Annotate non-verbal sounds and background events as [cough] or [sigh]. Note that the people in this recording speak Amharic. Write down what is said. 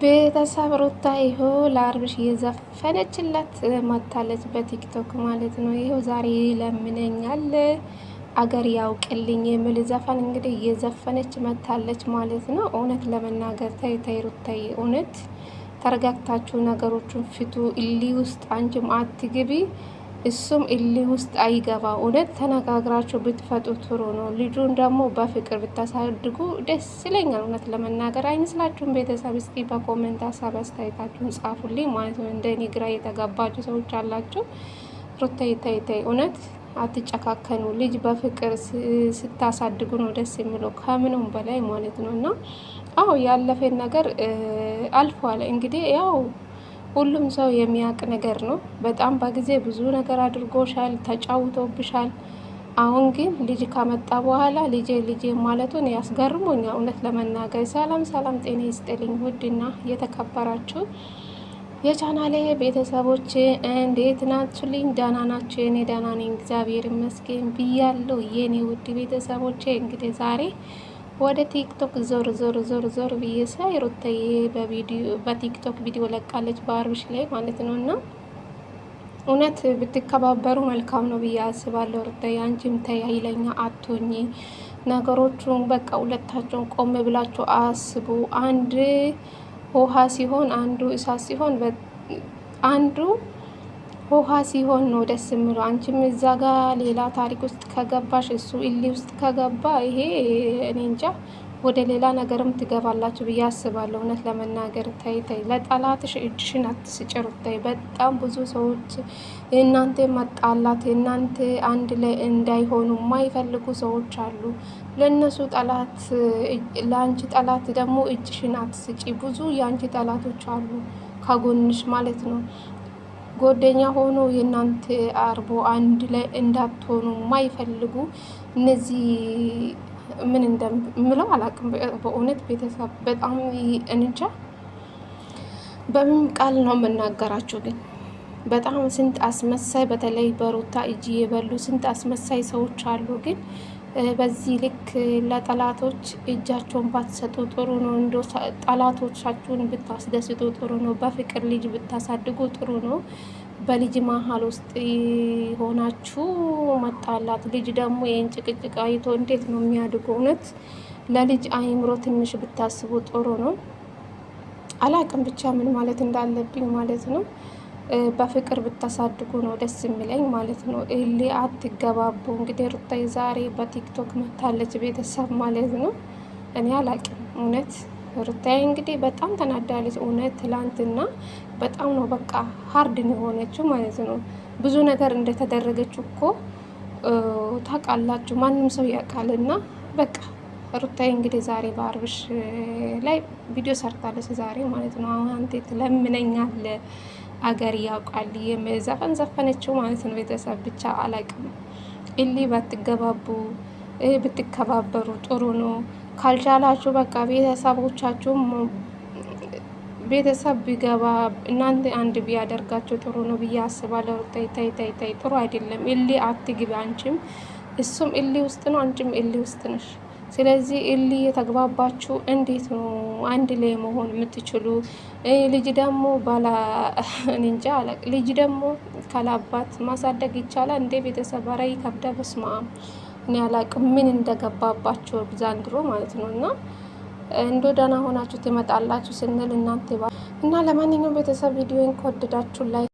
ቤተሰብ ሩታ ይኸው ለአብርሽ እየዘፈነችለት መታለች፣ በቲክቶክ ማለት ነው። ይኸው ዛሬ ለምነኛል አገር ያውቅልኝ የሚል ዘፈን እንግዲህ እየዘፈነች መታለች ማለት ነው። እውነት ለመናገር ተይ ተይ ሩታዬ፣ እውነት ተረጋግታችሁ ነገሮቹን ፍቱ። እሊ ውስጥ አንቺም አትግቢ። እሱም እልህ ውስጥ አይገባ። እውነት ተነጋግራችሁ ብትፈጡ ጥሩ ነው። ልጁን ደግሞ በፍቅር ብታሳድጉ ደስ ይለኛል። እውነት ለመናገር አይመስላችሁም? ቤተሰብ እስኪ በኮሜንት ሀሳብ አስተያየታችሁን ጻፉልኝ ማለት ነው። እንደኔ ግራ የተጋባችሁ ሰዎች አላችሁ። ሩታይ ታይ ታይ እውነት አትጨካከኑ። ልጅ በፍቅር ስታሳድጉ ነው ደስ የሚለው ከምንም በላይ ማለት ነው። እና አዎ ያለፈን ነገር አልፏል። እንግዲህ ያው ሁሉም ሰው የሚያውቅ ነገር ነው። በጣም በጊዜ ብዙ ነገር አድርጎሻል፣ ተጫውቶብሻል። አሁን ግን ልጅ ከመጣ በኋላ ልጄ ልጄ ማለቱን ያስገርሞኛል እውነት ለመናገር። ሰላም ሰላም፣ ጤና ይስጥልኝ ውድና የተከበራችሁ የቻናሌ ቤተሰቦች እንዴት ናችሁልኝ? ደህና ናችሁ? የኔ ደህና ነኝ እግዚአብሔር ይመስገን ብያለሁ የኔ ውድ ቤተሰቦቼ እንግዲህ ዛሬ ወደ ቲክቶክ ዞር ዞር ዞር ዞር ብዬ ሳይ ሩታዬ በቲክቶክ ቪዲዮ ለቃለች በአብርሽ ላይ ማለት ነው። እና እውነት ብትከባበሩ መልካም ነው ብዬ አስባለሁ። ሩታዬ አንቺም ተይ አቶኝ ነገሮቹን በቃ ሁለታቸውን ቆም ብላችሁ አስቡ። አንድ ውሃ ሲሆን አንዱ እሳት ሲሆን አንዱ ውሃ ሲሆን ነው ደስ የሚለው። አንቺም እዛ ጋር ሌላ ታሪክ ውስጥ ከገባሽ እሱ ኢሊ ውስጥ ከገባ ይሄ እኔ እንጃ ወደ ሌላ ነገርም ትገባላችሁ ብዬ አስባለሁ። እውነት ለመናገር ታይ ታይ ለጠላትሽ እጅሽን አትስጭ በጣም ብዙ ሰዎች እናንተ መጣላት እናንተ አንድ ላይ እንዳይሆኑ የማይፈልጉ ሰዎች አሉ። ለእነሱ ጠላት ለአንቺ ጠላት ደግሞ እጅሽን አትስጪ። ብዙ የአንቺ ጠላቶች አሉ ከጎንሽ ማለት ነው። ጎደኛ ሆኖ የእናንተ አርቦ አንድ ላይ እንዳትሆኑ ማይፈልጉ እነዚህ ምን እንደምለው አላውቅም። በእውነት ቤተሰብ በጣም እንጃ በምን ቃል ነው የምናገራቸው ግን በጣም ስንት አስመሳይ በተለይ በሩታ እጅ የበሉ ስንት አስመሳይ ሰዎች አሉ ግን በዚህ ልክ ለጠላቶች እጃቸውን ባትሰጡ ጥሩ ነው። እንዶ ጠላቶቻችሁን ብታስደስቱ ጥሩ ነው። በፍቅር ልጅ ብታሳድጉ ጥሩ ነው። በልጅ መሀል ውስጥ ሆናችሁ መጣላት፣ ልጅ ደግሞ ይህን ጭቅጭቅ አይቶ እንዴት ነው የሚያድጉ? እውነት ለልጅ አይምሮ ትንሽ ብታስቡ ጥሩ ነው። አላቅም ብቻ ምን ማለት እንዳለብኝ ማለት ነው። በፍቅር ብታሳድጉ ነው ደስ የሚለኝ ማለት ነው። እሌ አትገባቡ። እንግዲህ ሩታዬ ዛሬ በቲክቶክ መታለች ቤተሰብ ማለት ነው። እኔ አላቅም እውነት ሩታዬ እንግዲህ በጣም ተናዳለች እውነት። ትላንትና በጣም ነው በቃ ሀርድ ነው የሆነችው ማለት ነው። ብዙ ነገር እንደተደረገችው እኮ ታውቃላችሁ፣ ማንም ሰው ያውቃል። እና በቃ ሩታዬ እንግዲህ ዛሬ በአብርሽ ላይ ቪዲዮ ሰርታለች ዛሬ ማለት ነው። አሁን አንተ ትለምነኛለህ አገር ያውቃል ዘፈን ዘፈነችው ማለት ነው። ቤተሰብ ብቻ አላቅም እሊ ባትገባቡ ብትከባበሩ ጥሩ ነው። ካልቻላችሁ በቃ ቤተሰቦቻችሁ ቤተሰብ ቢገባ እናንተ አንድ ቢያደርጋቸው ጥሩ ነው ብዬ አስባለሁ። ታይ ታይ ታይ ታይ ጥሩ አይደለም። እሊ አትግቢ። አንቺም እሱም እሊ ውስጥ ነው፣ አንቺም እሊ ውስጥ ነሽ። ስለዚህ እሊ የተግባባችሁ እንዴት ነው አንድ ላይ መሆን የምትችሉ? ልጅ ደግሞ ባላ [laughs] እንጃ አላቅ ልጅ ደግሞ ካላባት ማሳደግ ይቻላል እንደ ቤተሰብ ራይ ይከብዳል። በስመ አብ እኔ አላቅም ምን እንደገባባቸው ብዛንድሮ ማለት ነው እና እንዶ ደህና ሆናችሁ ትመጣላችሁ ስንል እናንተ እና ለማንኛውም ቤተሰብ ቪዲዮን ከወደዳችሁ ላይ